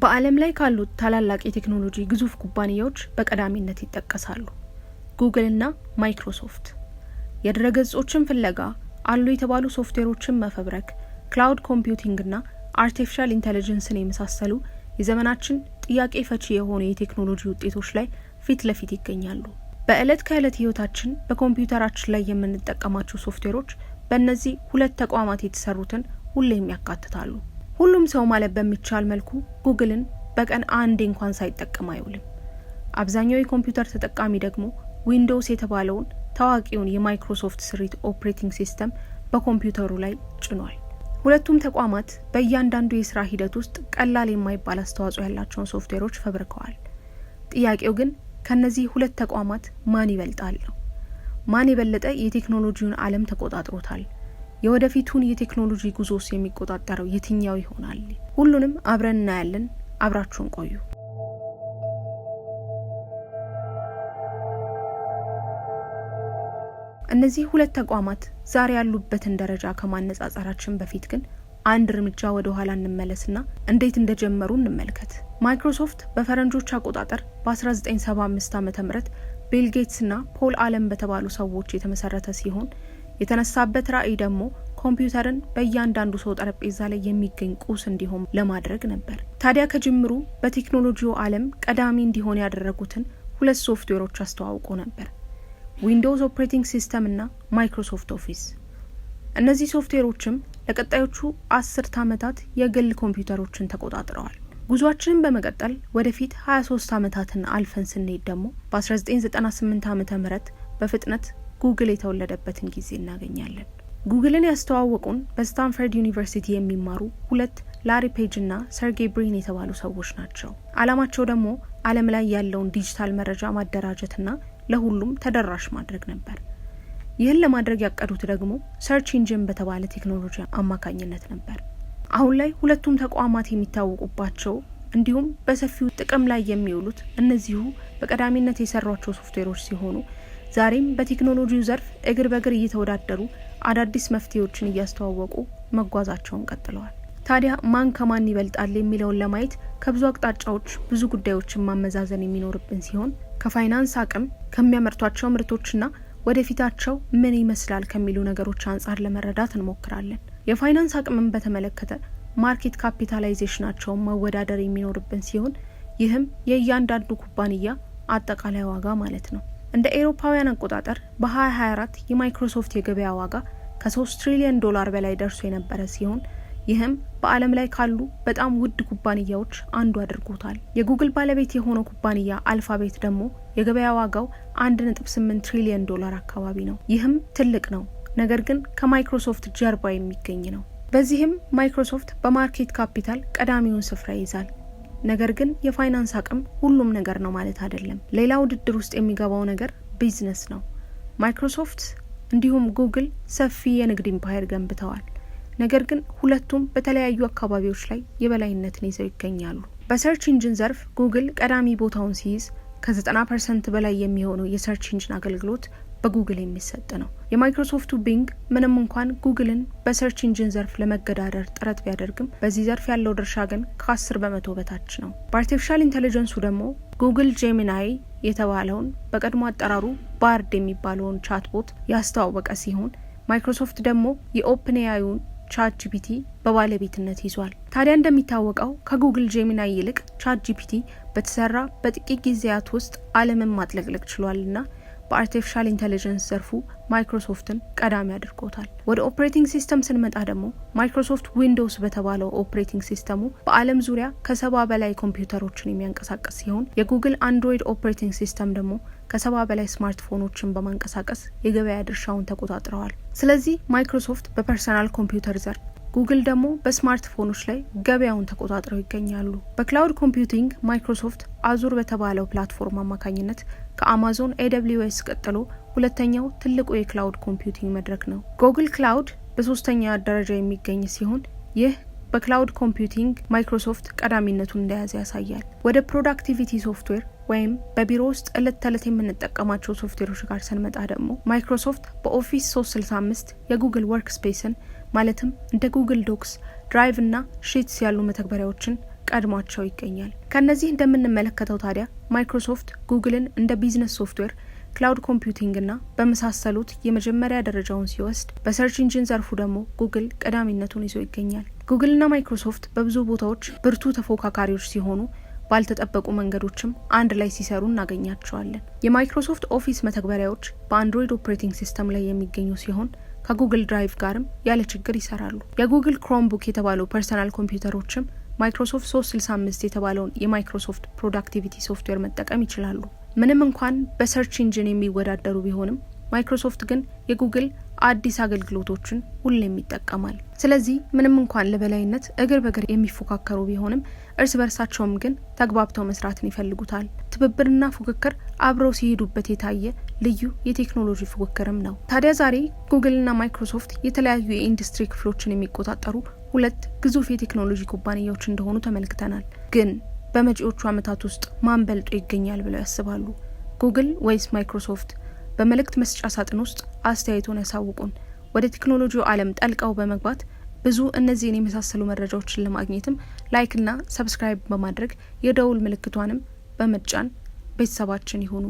በዓለም ላይ ካሉት ታላላቅ የቴክኖሎጂ ግዙፍ ኩባንያዎች በቀዳሚነት ይጠቀሳሉ። ጉግል እና ማይክሮሶፍት የድረገጾችን ፍለጋ አሉ የተባሉ ሶፍትዌሮችን መፈብረክ፣ ክላውድ ኮምፒውቲንግ እና አርቲፊሻል ኢንተለጀንስን የመሳሰሉ የዘመናችን ጥያቄ ፈቺ የሆኑ የቴክኖሎጂ ውጤቶች ላይ ፊት ለፊት ይገኛሉ። በዕለት ከዕለት ህይወታችን በኮምፒውተራችን ላይ የምንጠቀማቸው ሶፍትዌሮች በእነዚህ ሁለት ተቋማት የተሰሩትን ሁሌም ያካትታሉ። ሁሉም ሰው ማለት በሚቻል መልኩ ጉግልን በቀን አንዴ እንኳን ሳይጠቀም አይውልም። አብዛኛው የኮምፒውተር ተጠቃሚ ደግሞ ዊንዶውስ የተባለውን ታዋቂውን የማይክሮሶፍት ስሪት ኦፕሬቲንግ ሲስተም በኮምፒውተሩ ላይ ጭኗል። ሁለቱም ተቋማት በእያንዳንዱ የስራ ሂደት ውስጥ ቀላል የማይባል አስተዋጽኦ ያላቸውን ሶፍትዌሮች ፈብርከዋል። ጥያቄው ግን ከእነዚህ ሁለት ተቋማት ማን ይበልጣል ነው። ማን የበለጠ የቴክኖሎጂውን ዓለም ተቆጣጥሮታል? የወደፊቱን የቴክኖሎጂ ጉዞስ የሚቆጣጠረው የትኛው ይሆናል? ሁሉንም አብረን እናያለን። አብራችሁን ቆዩ። እነዚህ ሁለት ተቋማት ዛሬ ያሉበትን ደረጃ ከማነጻጸራችን በፊት ግን አንድ እርምጃ ወደ ኋላ እንመለስና እንዴት እንደጀመሩ እንመልከት። ማይክሮሶፍት በፈረንጆች አቆጣጠር በ1975 ዓ ም ቢል ጌትስና ፖል አለም በተባሉ ሰዎች የተመሰረተ ሲሆን የተነሳበት ራዕይ ደግሞ ኮምፒውተርን በእያንዳንዱ ሰው ጠረጴዛ ላይ የሚገኝ ቁስ እንዲሆን ለማድረግ ነበር። ታዲያ ከጅምሩ በቴክኖሎጂው ዓለም ቀዳሚ እንዲሆን ያደረጉትን ሁለት ሶፍትዌሮች አስተዋውቆ ነበር፣ ዊንዶውስ ኦፕሬቲንግ ሲስተም እና ማይክሮሶፍት ኦፊስ። እነዚህ ሶፍትዌሮችም ለቀጣዮቹ አስርት ዓመታት የግል ኮምፒውተሮችን ተቆጣጥረዋል። ጉዟችንን በመቀጠል ወደፊት 23 ዓመታትን አልፈን ስንሄድ ደግሞ በ1998 ዓ ም በፍጥነት ጉግል የተወለደበትን ጊዜ እናገኛለን። ጉግልን ያስተዋወቁን በስታንፈርድ ዩኒቨርሲቲ የሚማሩ ሁለት ላሪ ፔጅ እና ሰርጌይ ብሪን የተባሉ ሰዎች ናቸው። አላማቸው ደግሞ ዓለም ላይ ያለውን ዲጂታል መረጃ ማደራጀትና ለሁሉም ተደራሽ ማድረግ ነበር። ይህን ለማድረግ ያቀዱት ደግሞ ሰርች ኢንጂን በተባለ ቴክኖሎጂ አማካኝነት ነበር። አሁን ላይ ሁለቱም ተቋማት የሚታወቁባቸው እንዲሁም በሰፊው ጥቅም ላይ የሚውሉት እነዚሁ በቀዳሚነት የሰሯቸው ሶፍትዌሮች ሲሆኑ ዛሬም በቴክኖሎጂው ዘርፍ እግር በእግር እየተወዳደሩ አዳዲስ መፍትሄዎችን እያስተዋወቁ መጓዛቸውን ቀጥለዋል። ታዲያ ማን ከማን ይበልጣል የሚለውን ለማየት ከብዙ አቅጣጫዎች ብዙ ጉዳዮችን ማመዛዘን የሚኖርብን ሲሆን ከፋይናንስ አቅም፣ ከሚያመርቷቸው ምርቶችና ወደፊታቸው ምን ይመስላል ከሚሉ ነገሮች አንጻር ለመረዳት እንሞክራለን። የፋይናንስ አቅምን በተመለከተ ማርኬት ካፒታላይዜሽናቸውን መወዳደር የሚኖርብን ሲሆን ይህም የእያንዳንዱ ኩባንያ አጠቃላይ ዋጋ ማለት ነው። እንደ ኤሮፓውያን አቆጣጠር በ2024 የማይክሮሶፍት የገበያ ዋጋ ከ3 ትሪሊዮን ዶላር በላይ ደርሶ የነበረ ሲሆን ይህም በዓለም ላይ ካሉ በጣም ውድ ኩባንያዎች አንዱ አድርጎታል። የጉግል ባለቤት የሆነው ኩባንያ አልፋቤት ደግሞ የገበያ ዋጋው 1.8 ትሪሊዮን ዶላር አካባቢ ነው። ይህም ትልቅ ነው፣ ነገር ግን ከማይክሮሶፍት ጀርባ የሚገኝ ነው። በዚህም ማይክሮሶፍት በማርኬት ካፒታል ቀዳሚውን ስፍራ ይይዛል። ነገር ግን የፋይናንስ አቅም ሁሉም ነገር ነው ማለት አይደለም። ሌላ ውድድር ውስጥ የሚገባው ነገር ቢዝነስ ነው። ማይክሮሶፍት እንዲሁም ጉግል ሰፊ የንግድ ኢምፓየር ገንብተዋል። ነገር ግን ሁለቱም በተለያዩ አካባቢዎች ላይ የበላይነትን ይዘው ይገኛሉ። በሰርች ኢንጂን ዘርፍ ጉግል ቀዳሚ ቦታውን ሲይዝ ከ90 ፐርሰንት በላይ የሚሆኑ የሰርች ኢንጂን አገልግሎት በጉግል የሚሰጥ ነው። የማይክሮሶፍቱ ቢንግ ምንም እንኳን ጉግልን በሰርች ኢንጂን ዘርፍ ለመገዳደር ጥረት ቢያደርግም በዚህ ዘርፍ ያለው ድርሻ ግን ከ10 በመቶ በታች ነው። በአርቲፊሻል ኢንቴሊጀንሱ ደግሞ ጉግል ጄሚናይ የተባለውን በቀድሞ አጠራሩ ባርድ የሚባለውን ቻትቦት ያስተዋወቀ ሲሆን ማይክሮሶፍት ደግሞ የኦፕን ኤአዩን ቻት ጂፒቲ በባለቤትነት ይዟል። ታዲያ እንደሚታወቀው ከጉግል ጄሚናይ ይልቅ ቻት ጂፒቲ በተሰራ በጥቂት ጊዜያት ውስጥ ዓለምን ማጥለቅለቅ ችሏልና በአርቲፊሻል ኢንቴሊጀንስ ዘርፉ ማይክሮሶፍትን ቀዳሚ አድርጎታል። ወደ ኦፕሬቲንግ ሲስተም ስንመጣ ደግሞ ማይክሮሶፍት ዊንዶውስ በተባለው ኦፕሬቲንግ ሲስተሙ በዓለም ዙሪያ ከሰባ በላይ ኮምፒውተሮችን የሚያንቀሳቀስ ሲሆን የጉግል አንድሮይድ ኦፕሬቲንግ ሲስተም ደግሞ ከሰባ በላይ ስማርትፎኖችን በማንቀሳቀስ የገበያ ድርሻውን ተቆጣጥረዋል። ስለዚህ ማይክሮሶፍት በፐርሰናል ኮምፒውተር ዘርፍ ጉግል ደግሞ በስማርትፎኖች ላይ ገበያውን ተቆጣጥረው ይገኛሉ። በክላውድ ኮምፒውቲንግ ማይክሮሶፍት አዙር በተባለው ፕላትፎርም አማካኝነት ከአማዞን ኤደብሊዩ ኤስ ቀጥሎ ሁለተኛው ትልቁ የክላውድ ኮምፒውቲንግ መድረክ ነው። ጉግል ክላውድ በሶስተኛ ደረጃ የሚገኝ ሲሆን ይህ በክላውድ ኮምፒውቲንግ ማይክሮሶፍት ቀዳሚነቱን እንደያዘ ያሳያል። ወደ ፕሮዳክቲቪቲ ሶፍትዌር ወይም በቢሮ ውስጥ እለት ተዕለት የምንጠቀማቸው ሶፍትዌሮች ጋር ስንመጣ ደግሞ ማይክሮሶፍት በኦፊስ 365 የጉግል ወርክ ስፔስን ማለትም እንደ ጉግል ዶክስ፣ ድራይቭ እና ሺትስ ያሉ መተግበሪያዎችን ቀድሟቸው ይገኛል። ከእነዚህ እንደምንመለከተው ታዲያ ማይክሮሶፍት ጉግልን እንደ ቢዝነስ ሶፍትዌር ክላውድ ኮምፒውቲንግ እና በመሳሰሉት የመጀመሪያ ደረጃውን ሲወስድ በሰርች ኢንጂን ዘርፉ ደግሞ ጉግል ቀዳሚነቱን ይዞ ይገኛል። ጉግልና ማይክሮሶፍት በብዙ ቦታዎች ብርቱ ተፎካካሪዎች ሲሆኑ ባልተጠበቁ መንገዶችም አንድ ላይ ሲሰሩ እናገኛቸዋለን። የማይክሮሶፍት ኦፊስ መተግበሪያዎች በአንድሮይድ ኦፕሬቲንግ ሲስተም ላይ የሚገኙ ሲሆን ከጉግል ድራይቭ ጋርም ያለ ችግር ይሰራሉ። የጉግል ክሮም ቡክ የተባለው ፐርሰናል ኮምፒውተሮችም ማይክሮሶፍት 365 የተባለውን የማይክሮሶፍት ፕሮዳክቲቪቲ ሶፍትዌር መጠቀም ይችላሉ። ምንም እንኳን በሰርች ኢንጂን የሚወዳደሩ ቢሆንም ማይክሮሶፍት ግን የጉግል አዲስ አገልግሎቶችን ሁሌም ይጠቀማል። ስለዚህ ምንም እንኳን ለበላይነት እግር በእግር የሚፎካከሩ ቢሆንም እርስ በርሳቸውም ግን ተግባብተው መስራትን ይፈልጉታል። ትብብርና ፉክክር አብረው ሲሄዱበት የታየ ልዩ የቴክኖሎጂ ፉክክርም ነው። ታዲያ ዛሬ ጉግልና ማይክሮሶፍት የተለያዩ የኢንዱስትሪ ክፍሎችን የሚቆጣጠሩ ሁለት ግዙፍ የቴክኖሎጂ ኩባንያዎች እንደሆኑ ተመልክተናል። ግን በመጪዎቹ ዓመታት ውስጥ ማን በልጦ ይገኛል ብለው ያስባሉ? ጉግል ወይስ ማይክሮሶፍት? በመልእክት መስጫ ሳጥን ውስጥ አስተያየቱን ያሳውቁን። ወደ ቴክኖሎጂው ዓለም ጠልቀው በመግባት ብዙ እነዚህን የመሳሰሉ መረጃዎችን ለማግኘትም ላይክና ሰብስክራይብ በማድረግ የደውል ምልክቷንም በመጫን ቤተሰባችን ይሁኑ።